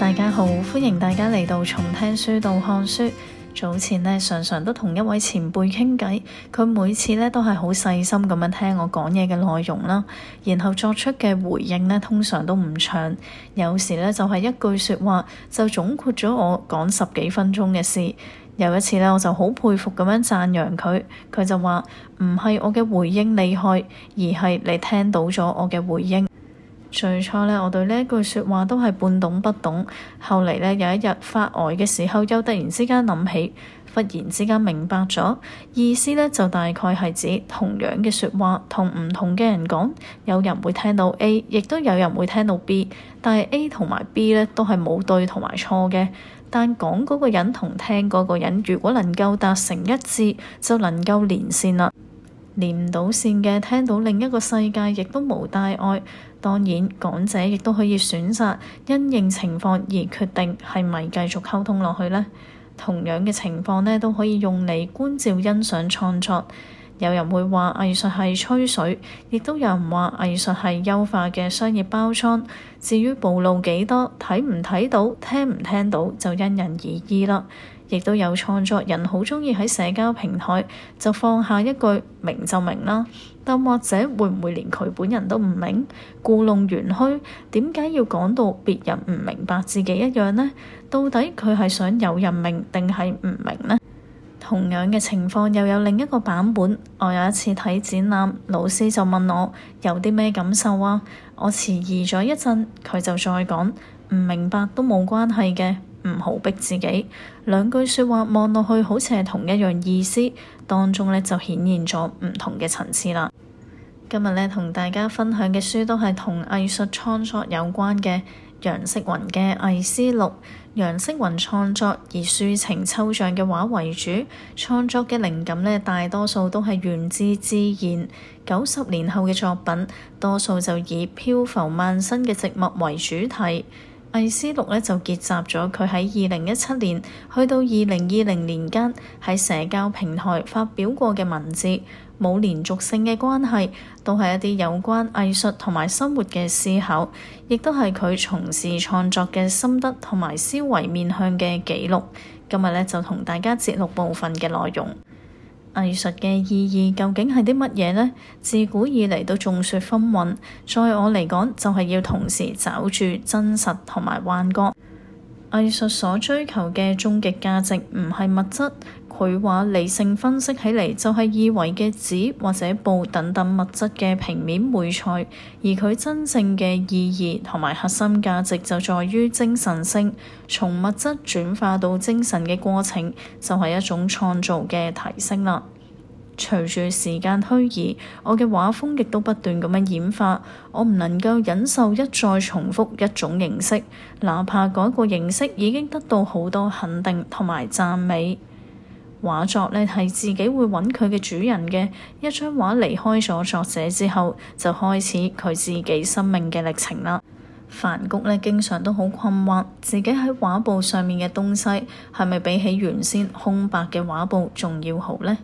大家好，歡迎大家嚟到從聽書到看書。早前呢，常常都同一位前輩傾偈，佢每次呢都係好細心咁樣聽我講嘢嘅內容啦，然後作出嘅回應呢，通常都唔長，有時呢就係、是、一句說話就總括咗我講十幾分鐘嘅事。有一次呢，我就好佩服咁樣讚揚佢，佢就話唔係我嘅回應厲害，而係你聽到咗我嘅回應。最初呢，我對呢句説話都係半懂不懂。後嚟呢，有一日發呆、呃、嘅時候，又突然之間諗起，忽然之間明白咗意思呢，就大概係指同樣嘅説話，同唔同嘅人講，有人會聽到 A，亦都有人會聽到 B，但係 A 同埋 B 呢都係冇對同埋錯嘅。但講嗰個人同聽嗰個人，如果能夠達成一致，就能夠連線啦。連唔到線嘅，聽到另一個世界亦都無大礙，當然講者亦都可以選擇因應情況而決定係咪繼續溝通落去呢。同樣嘅情況呢，都可以用嚟觀照、欣賞、創作。有人會話藝術係吹水，亦都有人話藝術係優化嘅商業包裝。至於暴露幾多，睇唔睇到，聽唔聽到，就因人而異啦。亦都有創作人好鍾意喺社交平台就放下一句明就明啦。但或者會唔會連佢本人都唔明？故弄玄虛，點解要講到別人唔明白自己一樣呢？到底佢係想有人明定係唔明呢？同樣嘅情況又有另一個版本。我有一次睇展覽，老師就問我有啲咩感受啊？我遲疑咗一陣，佢就再講唔明白都冇關係嘅，唔好逼自己。兩句說話望落去好似係同一樣意思，當中咧就顯現咗唔同嘅層次啦。今日咧同大家分享嘅書都係同藝術創作有關嘅。楊識宏嘅《藝思錄》，楊識宏創作以抒情抽象嘅畫為主，創作嘅靈感咧，大多數都係源自自然。九十年後嘅作品，多數就以漂浮蔓生嘅植物為主題。《藝思錄》咧就結集咗佢喺二零一七年去到二零二零年間喺社交平台發表過嘅文字，冇連續性嘅關係，都係一啲有關藝術同埋生活嘅思考，亦都係佢從事創作嘅心得同埋思維面向嘅記錄。今日咧就同大家節錄部分嘅內容。藝術嘅意義究竟係啲乜嘢呢？自古以嚟都眾說紛紜，在我嚟講，就係、是、要同時抓住真實同埋幻覺。藝術所追求嘅終極價值唔係物質，佢話理性分析起嚟就係二維嘅紙或者布等等物質嘅平面媒材，而佢真正嘅意義同埋核心價值就在於精神性，從物質轉化到精神嘅過程就係、是、一種創造嘅提升啦。隨住時間推移，我嘅畫風亦都不斷咁樣演化。我唔能夠忍受一再重複一種形式，哪怕嗰個形式已經得到好多肯定同埋讚美。畫作呢係自己會搵佢嘅主人嘅，一張畫離開咗作者之後，就開始佢自己生命嘅歷程啦。梵谷呢經常都好困惑，自己喺畫布上面嘅東西係咪比起原先空白嘅畫布仲要好呢？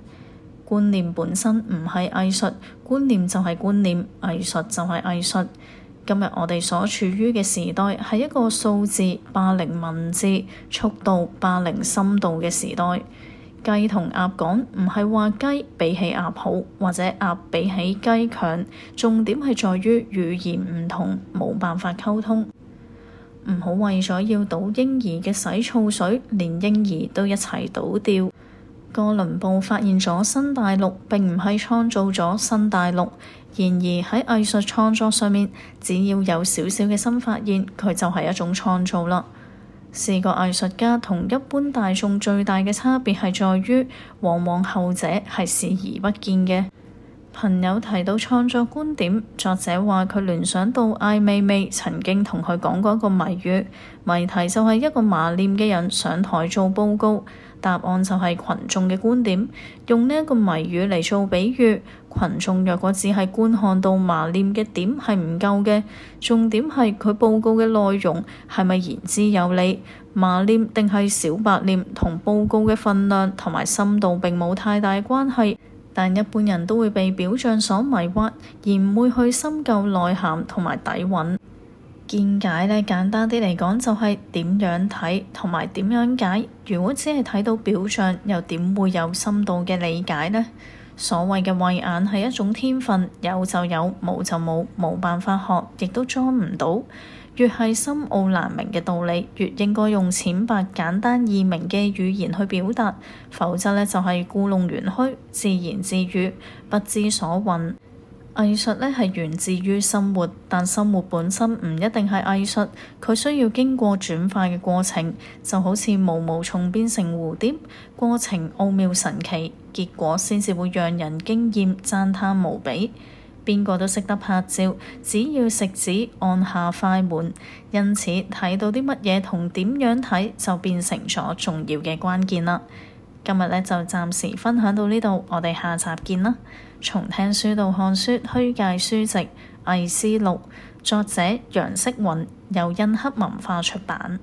觀念本身唔係藝術，觀念就係觀念，藝術就係藝術。今日我哋所處於嘅時代係一個數字霸凌文字、速度霸凌深度嘅時代。雞同鴨講唔係話雞比起鴨好，或者鴨比起雞強，重點係在於語言唔同，冇辦法溝通。唔好為咗要倒嬰兒嘅洗澡水，連嬰兒都一齊倒掉。哥倫布發現咗新大陸，並唔係創造咗新大陸。然而喺藝術創作上面，只要有少少嘅新發現，佢就係一種創造啦。視覺藝術家同一般大眾最大嘅差別係在於，往往後者係視而不見嘅。朋友提到創作觀點，作者話，佢聯想到艾美美曾經同佢講過一個謎語，謎題就係一個麻臉嘅人上台做報告，答案就係群眾嘅觀點，用呢一個謎語嚟做比喻，群眾若果只係觀看到麻臉嘅點係唔夠嘅，重點係佢報告嘅內容係咪言之有理，麻臉定係小白臉同報告嘅分量同埋深度並冇太大關係。但一般人都會被表象所迷惑，而唔會去深究內涵同埋底蘊。見解呢，簡單啲嚟講，就係點樣睇同埋點樣解。如果只係睇到表象，又點會有深度嘅理解呢？所謂嘅慧眼係一種天分，有就有，冇就冇，冇辦法學，亦都裝唔到。越係深奧難明嘅道理，越應該用淺白簡單易明嘅語言去表達，否則呢，就係故弄玄虛、自言自語、不知所雲。藝術呢，係源自於生活，但生活本身唔一定係藝術，佢需要經過轉化嘅過程，就好似毛毛蟲變成蝴蝶，過程奧妙神奇，結果先至會讓人驚豔讚歎無比。邊個都識得拍照，只要食指按下快門，因此睇到啲乜嘢同點樣睇就變成咗重要嘅關鍵啦。今日咧就暫時分享到呢度，我哋下集見啦。從聽書到看書，推介書籍《藝詩錄》，作者楊識宏，由印刻文化出版。